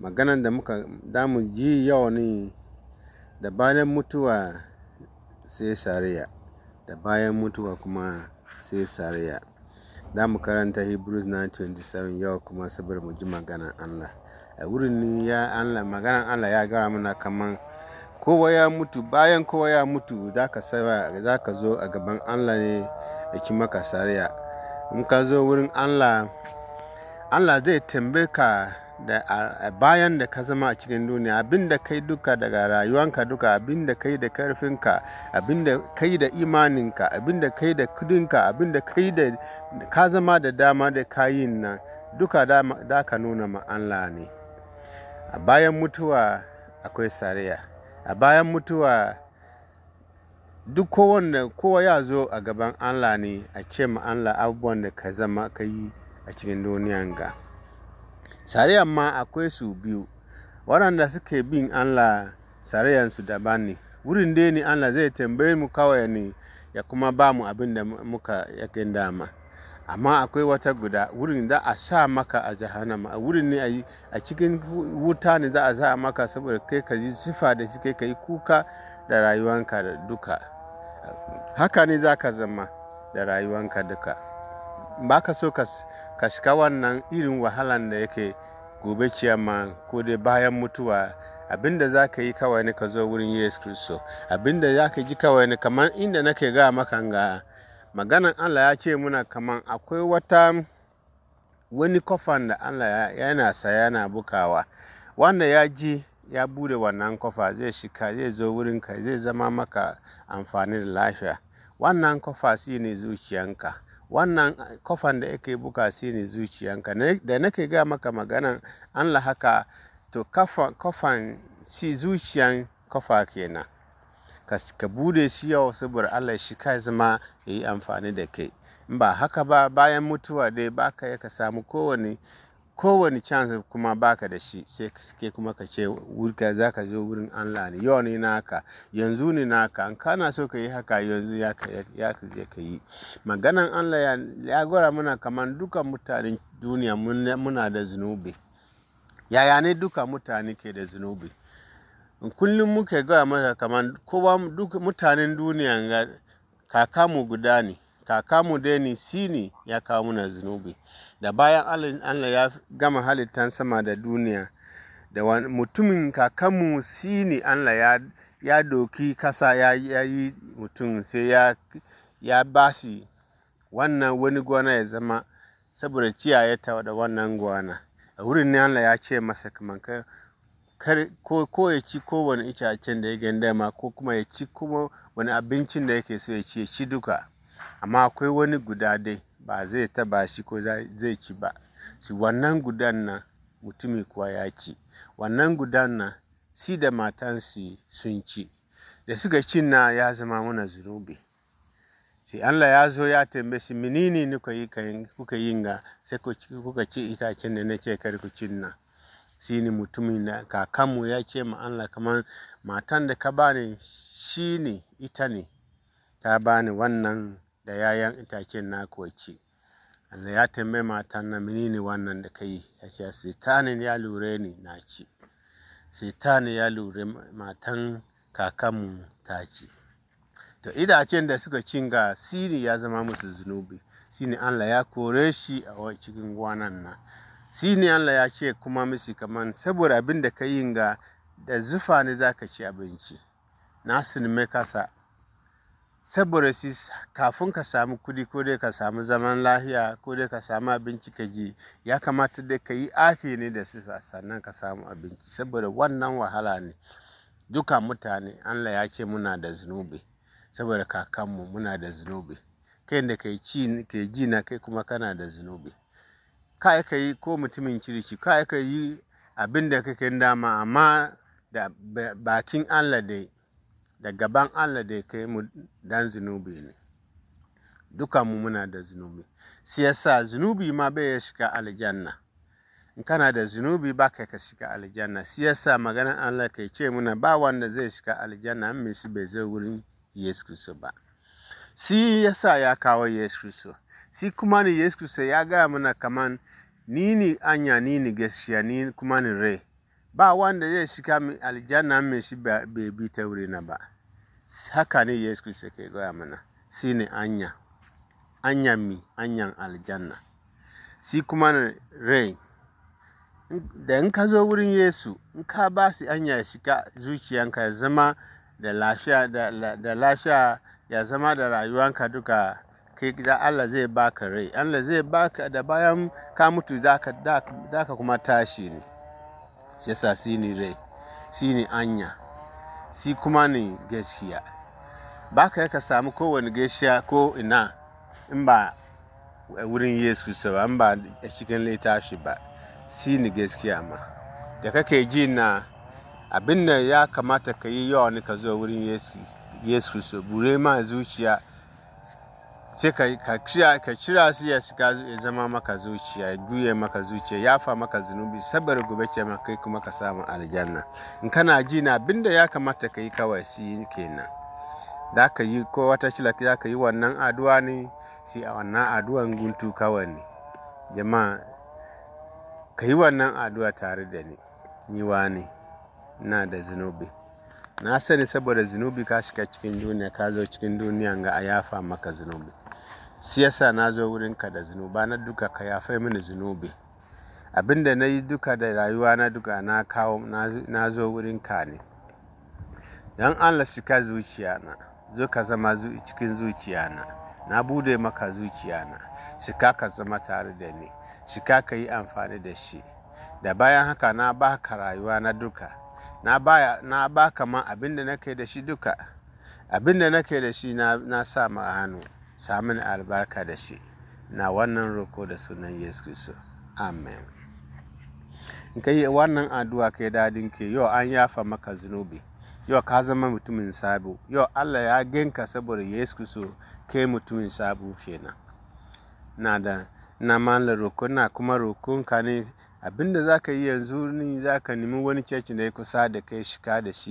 maganan da muka damu ji yau ne da bayan mutuwa sai shari'a da bayan mutuwa kuma sai shari'a da mu karanta hebrews 9:27 yau kuma saboda mu ji maganan allah a wurin ni ya allah maganan allah ya gara muna kaman kowa ya mutu bayan kowa ya mutu za ka zo a gaban allah ne a ci maka shari'a in ka zo wurin allah allah zai tambaye ka da bayan da ka zama a cikin duniya abin da kai duka daga rayuwanka duka abin da kai da karfinka abin da kai da imaninka abin da kai da kudinka abin da kai da ka zama da dama da kayin nan duka da ka nuna ma ne a bayan mutuwa akwai sariya a bayan mutuwa duk kowanne kowa ya zo a gaban Allah ne a ce ma Allah abubuwan da ka zama ka yi a cikin duniyan ga. Sariya ma akwai su biyu, waɗanda suke bin Allah su daban ne. Wurin dai ne Allah zai tambaye mu kawai ne ya kuma ba mu abin da muka yakin dama. Amma akwai wata guda wurin za a sa maka a jahannama, wurin ne a cikin wuta ne za a sa maka saboda kai ka ji sifa da suke ka yi kuka da rayuwanka da duka. Haka ne za ka zama da rayuwanka duka. ba ka so ka shiga wannan irin wahalan da yake gobe ciyama ko dai bayan mutuwa abinda za ka yi kawai ne ka zo wurin yesu kristo abinda za ka ji kawai ne kamar inda nake ga maka ga maganan allah ya ce muna kamar akwai wata wani kofan da allah yana saya yana bukawa wanda ya ji ya bude wannan kofa zai shika zai zo ka zai zama maka amfani da lafiya wannan kofa shi ne zuciyanka wannan eh, kofan da yake buga shi ne zuciyanka da nake ga maka maganan la haka to kofan shi zuciyan kofa kenan ka bude shi yau saboda allah shi ka zama ya yi amfani da kai in ba haka ba bayan mutuwa dai baka ka ya ka samu kowane kowane chance kuma baka da shi sai ke kuma ka ce wurka za ka zo wurin Allah ne yau ne naka yanzu ne naka an kana so ka yi haka yanzu ya ka je ka yi maganan Allah ya, ya gora mana kamar dukan mutanen duniya muna da zunubi yaya ne duka mutane ke da zunubi kullum muke gaya mata kamar kowa duk mutanen duniya ga kakamu guda ne kakamu dai ni shi ne ya kawo muna zunubi da bayan Allah ya gama halittan sama da duniya da mutumin kakanmu shi ne Allah ya ya doki kasa ya yi mutum sai ya ya shi wannan wani gona ya zama saboda ta da wannan gona a wurin ne Allah ya ce masa kamar ko, ko ya ci kowane itacen da ya ganda ma ko kuma ya ci kuma wani abincin da yake so ya ci ya ci duka amma akwai wani guda dai ba zai taba shi ko zai ci ba shi wannan gudan nan mutumin kuwa ya ci wannan gudan nan si da matansu sun ci da suka cinna na ya zama mana zunubi sai Allah ya zo ya tambaye shi menene ne kuka yi ga sai kuka ci itacen da nake kar ku cin na shi ne mutumin na kakanmu ya ce ma Allah kamar matan da ka bani shi ne ita ne ta bani wannan da 'ya'yan itacen na koci, Allah ya tambayi matan nan menene wannan da kai ya ce setanin ya lure ni na ci setanin ya lure matan kakanmu ta ci to idacen da suka cinga sini ya zama musu zunubi sini Allah ya kore shi a cikin gwanan na, sini Allah ya ce kuma musu kaman saboda abin da ka yin ga da zufa ne zaka ci abinci na sinime kasa saboda shi kafin ka samu kudi ko dai ka samu zaman lafiya ko dai ka samu abinci ka ji ya kamata dai ka yi afi ne da su sannan ka samu abinci saboda wannan wahala ne duka mutane allah ya ce muna da zunubi saboda kakanmu muna da zunubi kai da ka yi ji na kai kuma kana da zunubi kai ka yi ko mutumin kirki kai ka yi abin da kake dama amma da bakin allah dai da gaban allah da ya kai mu dan zunubi ne duka mu muna da zunubi siyasa zunubi ma bai ya shiga aljanna in kana da zunubi ba ka shiga aljanna siyasa maganar allah kai ce muna ba wanda zai shiga aljanna mai shi bai zai wurin yesu kristo ba si yasa ya kawo yesu kristo si kuma ni yesu kristo ya ga mana kaman ni ni anya ni gaskiya ni kuma ni rai ba wanda zai shiga aljanna mai shi bai bi ta na ba haka ne yesu kristo ke gaya mana si ne anya anya mi anyan aljanna si kuma rain da in ka zo wurin yesu in ka ba su anya ya shiga zuciyanka ya zama da lafiya ya zama da rayuwanka duka kai da Allah zai baka rai Allah zai baka da bayan ka mutu ka kuma tashi ne yasa shi ne rai shi ne anya shi kuma ne gaskiya ba ka yaka samu kowane gaskiya ko ina in ba wurin yesu ba in ba a cikin littafi ba shi ne gaskiya ma da kake ji na abinda ya kamata ka yi yawa ne ka zo wurin yesu yesu bure ma zuciya sai ka cira su ya shiga ya zama maka zuciya ya juye maka zuciya ya fa maka zunubi sabar gobe ce maka kai kuma ka samu aljanna in kana ji na abinda ya kamata ka yi kawai si kenan da ka yi ko wata shila za ka yi wannan addu'a ne sai a wannan addu'an guntu kawai ne jama'a ka yi wannan addu'a tare da ni ni wa ne na da zunubi na sani saboda zunubi ka shiga cikin duniya ka zo cikin duniya ga a yafa maka zunubi siyasa na zo wurinka da zunuba na duka ka fai mini zunubi abinda na yi duka da rayuwa na duka na kawo na zo wurinka ne don allah shika zuciya na zo ka zama cikin zuciya na na bude maka zuciya na shika ka zama tare da ni shika ka yi amfani da shi da bayan haka na ba ka rayuwa na duka na ba ka ma abinda na kai da shi duka abinda na kai da shi na sa ma hannu samun albarka da shi na wannan roko da sunan yesu kristo amen in ka yi wannan addu'a kai dadin ke yau an yafa maka zunubi yau ka zama mutumin sabu yau allah ya genka saboda yesu kristo kai mutumin sabo kenan na da na malar roko na kuma rokon ka ne abinda za ka yi yanzu ni za ka nemi wani cecin da ya kusa da kai shika da shi